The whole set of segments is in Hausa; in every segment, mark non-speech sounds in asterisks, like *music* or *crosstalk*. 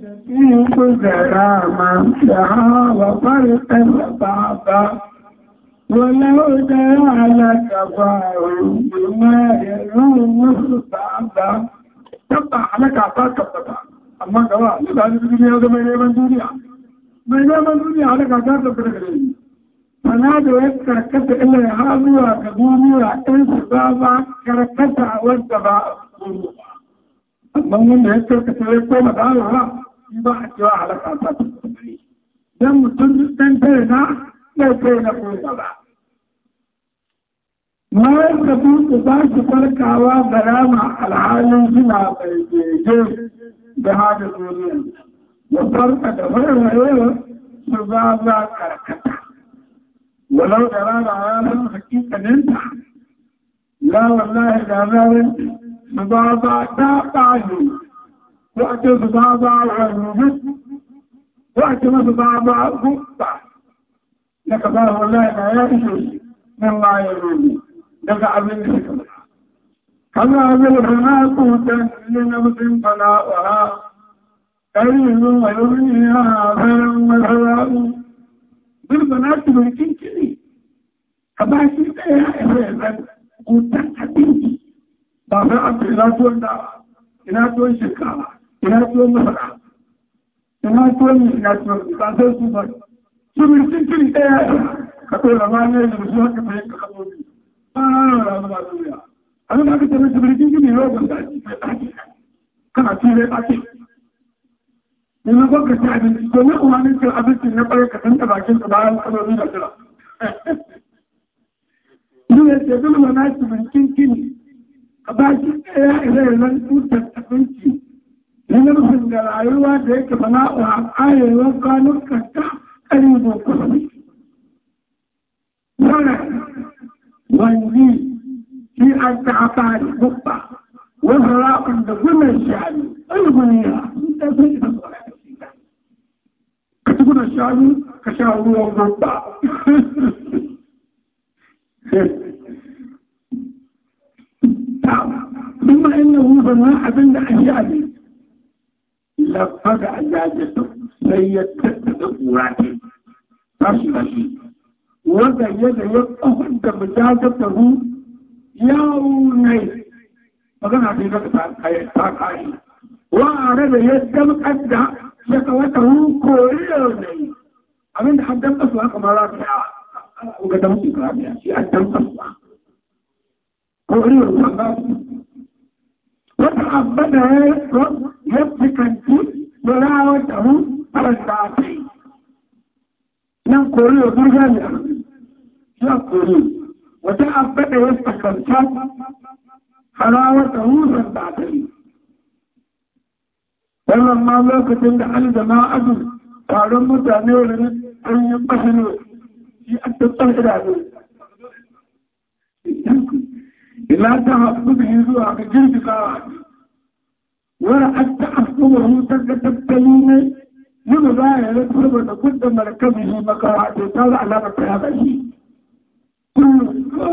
منذ غرام دعا وفرق وطعبا ولو دعا لك فار بما يروم صعبا تبقى عليك عطاك بطا أما قوى لذلك الدنيا هذا ما يليم الدنيا ما يليم الدنيا عليك عطاك بطا فنادوا يتركت إلا يهابي وكبوني وأنس بابا كركتا والدباء أما من يتركت لكم دعا in ba a cewa halaka ta tuntunari don mutum duk ɗan tare na zai kai na kusa ba Mayar da buɗe za su farkawa ga rama alhalin suna ɓaiɓaiɓe da hada duniya da farka da farfarewa su za za karkata. Walau da rana ranar hakikaninta, la wallahi da ranar su ba za ta ɓaje láti oṣù bá bá àrùn láti oṣù bá bá gúpa lẹ́kàbá ọlá ẹ̀yà ìṣòrí nílá ìròyìn daga abin da suka mara. Kaza abin da na kutan ne na mutum fana wara, ƙari yanzu a yorin yana bayan masara'u, zurba na tubarkin kiri, a ba shi ɗaya a yaran kutan abinci, ba sai a fi ina tuwon da ina tuwon shekara. Ka ba shi ɗaya ire-iren tutar abinci لنفسد العيوة ديك بناؤها آية وقالوا كتا قريب قربي ورد وانجي في أنت عطاري بطة وفراء عند كل الشعب الغنية انت سيد الغنية كتكون الشعب كشعب وبطة *laughs* بما انه بناء عند الشعب da fada da da duk sai ya tattaɗa ƙura ce tashi da shi wanda yadda ya tsohon da mujajar da hu yau ne magana ce ga ta kayan ta kayi wa a rada ya damƙar da ya kawata hu koriyar ne abinda har damƙa su haka mara ta ga damƙi ka ya shi a damƙa su koriyar wanda wata abada ya يبتكنتي ملاوته على الشعبي ننقل وبرجانا يقول وتعبد يستخلصات حلاوته سنتعتني ولما لوكتن da aljama azul taron mutane wani an yi mahalo shi an tattar idanu ina ta haɗu da yi zuwa ga girgizawa ne ولقد تأخذهم تتبتلين يما بايا يطلب أن قدم مركبه مقاعد تابع على مقابله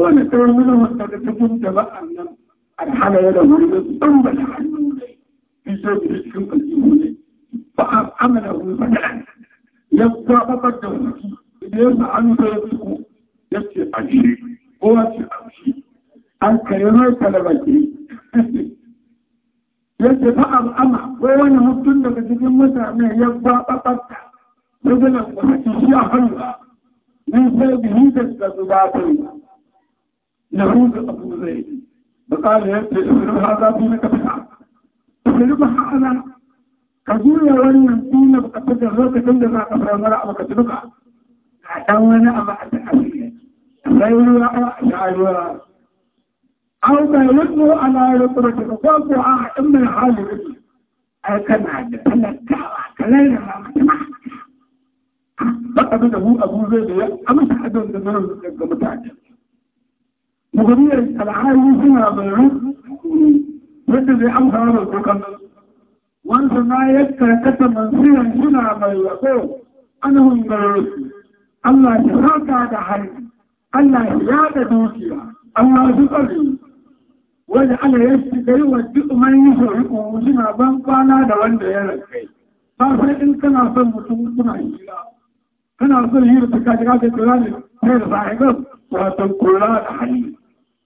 وانا تقول منه أن تكون جماعة الحالة يده من ضمن الحلول في سبيل الشوق الجمهوري فعمله فتحا يبقى فقد نفسه يفعل فيبقى يسير عن شيء هو يسير عن شيء الكلمات لبكيه wai wani mutum daga cikin mutane ya ba ɓaɓɓata majalar da haki shi a hannu ni sai da hidar da su ba ta yi na hudu abu zai da ƙala ya ce isirin haza fi na kafina isirin ba ha'ana ka juya wannan tuna ba ka da lokacin da za ka samar abu ka tunuka a ɗan wani abu a ta asiri sai ruwa a sha'arwa أو ما يدنو على رطرة الغضب عائم من حال رجل ai kana da talakawa ka lairama mata ma ba ka da mu abu zai da ya amsa adon da nan ga mutane mugamiyar al'adu suna bayan yadda zai amsa wa tsokan nan wanda na ya karkata mansiran suna mai wato anahun garurusu Allah ya haka da hari Allah ya yada dukiya Allah su tsari wanda ana yashi kai wa duk mai yi shari'u suna ban kwana da wanda ya rakai ba sai in kana son mutum suna gida. kana son hira ta kaji kaji kula ne sai da sahibar wato kula da hali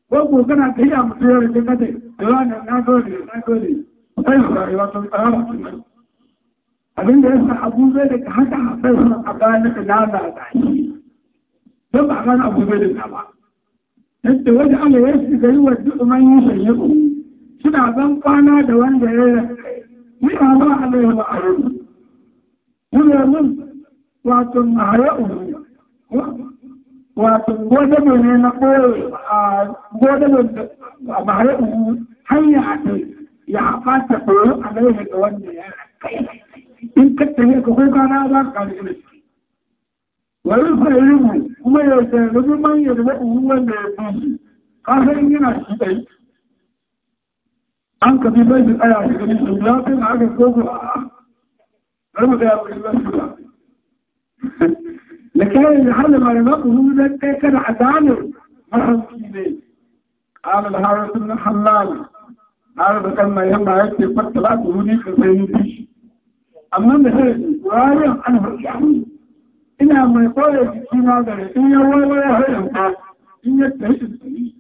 ko ko kana kai a mutum ya rakai kaje kula ne na gode na gode sai da rayuwa ta tsara mutum abin da ya sa abu zai daga haka sai suna a gane da na da shi don ba a gane abu zai da ba yadda wani Allah ya shiga yi wa du'uman yin shayyaku suna zan kwana da wanda ya yi muna ba Allah ya ba'aru muna min wato mara'u wato godabo ne na koyo a godabo a mara'u hanya a kai ya fata koyo a laihe ga wanda ya kai in ka tafiya ka kuka na ba ka kalli ويسلمه kuma ya sayi man yarda ruwan da ya fi kasan yana shi ɗai an kafi bai da tsaya shi gani su lafin a aka koko a rama tsaya ba shi lafi ba da kayan da har da mara za ku zuwa zai kai kada a damar mahamsi ne ƙalar harasun na halal har da kan mai yamma ya ce fattala ku wuni ka sayi amma da sai rayuwar an harshi hannu ina mai kore jiki na gare in ya waiwaya hayan ka in ya tashin tsari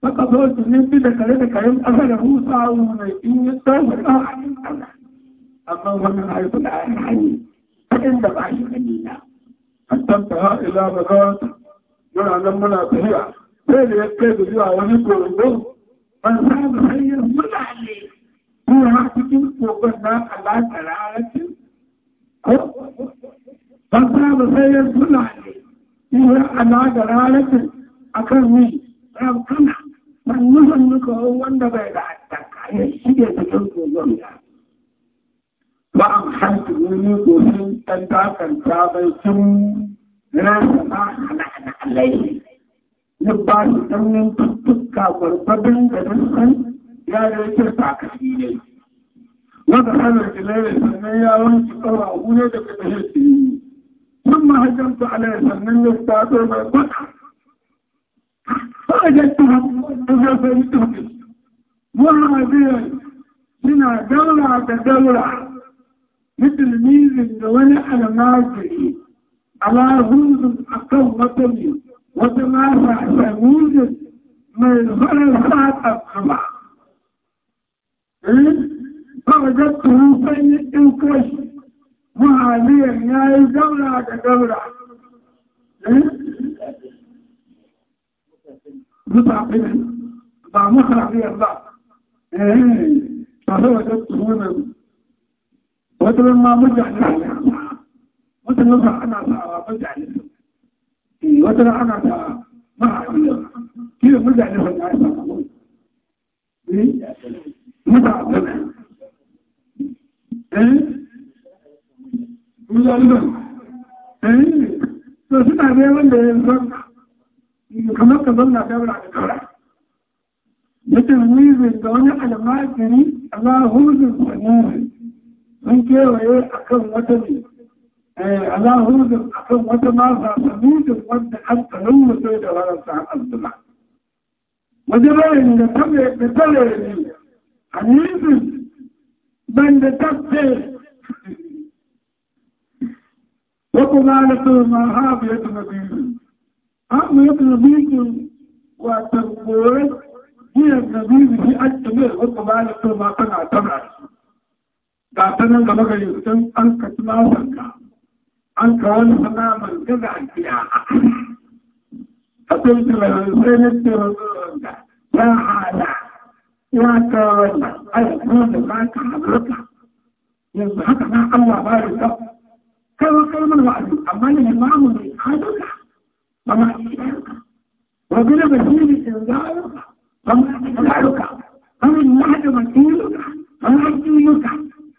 Saka zo tunin bi da kare da karen ƙasa da husa a wunai in ya tashin ɗan hannun ƙasa. Amma wannan haifu da ayan hanyar ta inda ba shi gani na. An tantara ila ba za ta muna nan muna tafiya sai da ya kai da zuwa wani korongo ban samu hanyar mutane. Ina cikin kogon na alaƙa rarrakin. Ko? babu sai ya suna yiwuwa ana da ranar a kan ni rautuna ban nufin nuka wanda bai da hattaka ya shige cikin kogon ya ba an hantu wani goshin ɗan takanta bai sun rasa ba hana hana alaihi ya ba su ɗaunin tuttuka gwargwadon da dukkan ya yi kirta ka shi ne. Wata sanar jilai sannan ya wanke ƙaura wune daga da shi هجمت عليها من يستعدون فأجدتها فأجدتهم وجفرتهم وهذه هنا دولة كدولة مثل ميز دولة على ناصري على هوز أقل وطني وتنافع فموز من غرفات السماء فوجدته في الكشف معاليا يا الجولة كدولة متعقلا مع مخرع في الله فهو تدخل مثل ما مجح لله مثل ما أنا مجح لله مثل أنا معاليا كيف مجح لله متعقلا ايه wannan to suna ne wanda ya san kamar ka zanna daura da daura yake wizin ga wani almajiri Allahuzin sanuri sun kewaye a kan wata ne Allahuzin a kan wata masa sanudin wanda an tsanin mutu da warasa abdula wajen da tare ne a nizin ban da tafiye وطلالة ما هابية نبيل عامية نبيل وتنبوي هي النبيل في أجمل وطلالة ما تنع تنع تعتنى لما يرسل أنك تناسك أنك والسنا من جدع فيها أتلت للرسالة رسول يا حالا يا كوالا أي أخوان لك حضرتك يزحقنا الله بارك kai wa kalmar wa'azi amma da imamu mai adalka ba ma iyaruka wa gina basiri in zaruka ba ma iyaruka ba ma lahada masiruka ba ma iyaruka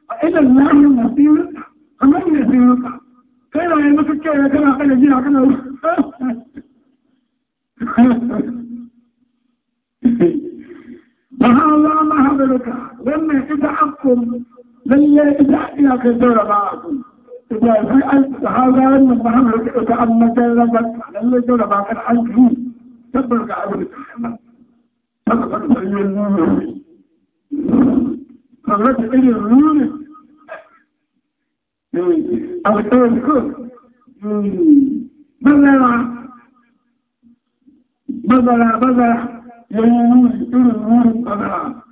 ba ila lahada masiruka ba ma iyaruka kai wa yanzu kake da kana kana jira kana ba ha Allah ma hadarka wannan ita akkum lalle ita ina kai saurara إذا فعلت هذا من محمد وتأمت لك على الجربة الحنكي تبرك عبد الحمد تبرك إلي النور تبرك إلي النور أو تذكر بذرة بذرة بذرة يلي النور بذرة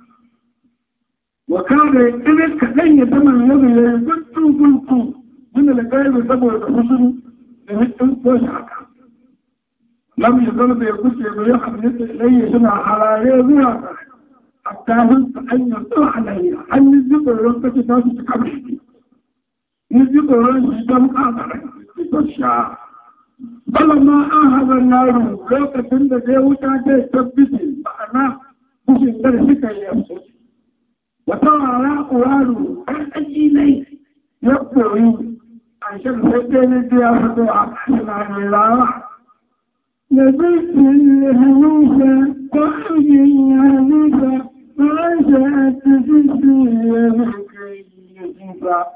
وكان إليك أي زمن يبي يبتو بلتو من الكائن الذي يرسل الرسل لم يزل يقص الرياح من إليه سمع على يديها حتى هم أن يطرح عليها أن يزيد الرسل في ناس تكبرك يزيد الرسل في دمك بل ما أهل النار لو تند جوتا جسبتي أنا مش درسك يا وترى على قرآن أن أجي ليك يقبل لبثت الهوية تحيي الهوية ورجعت في الدنيا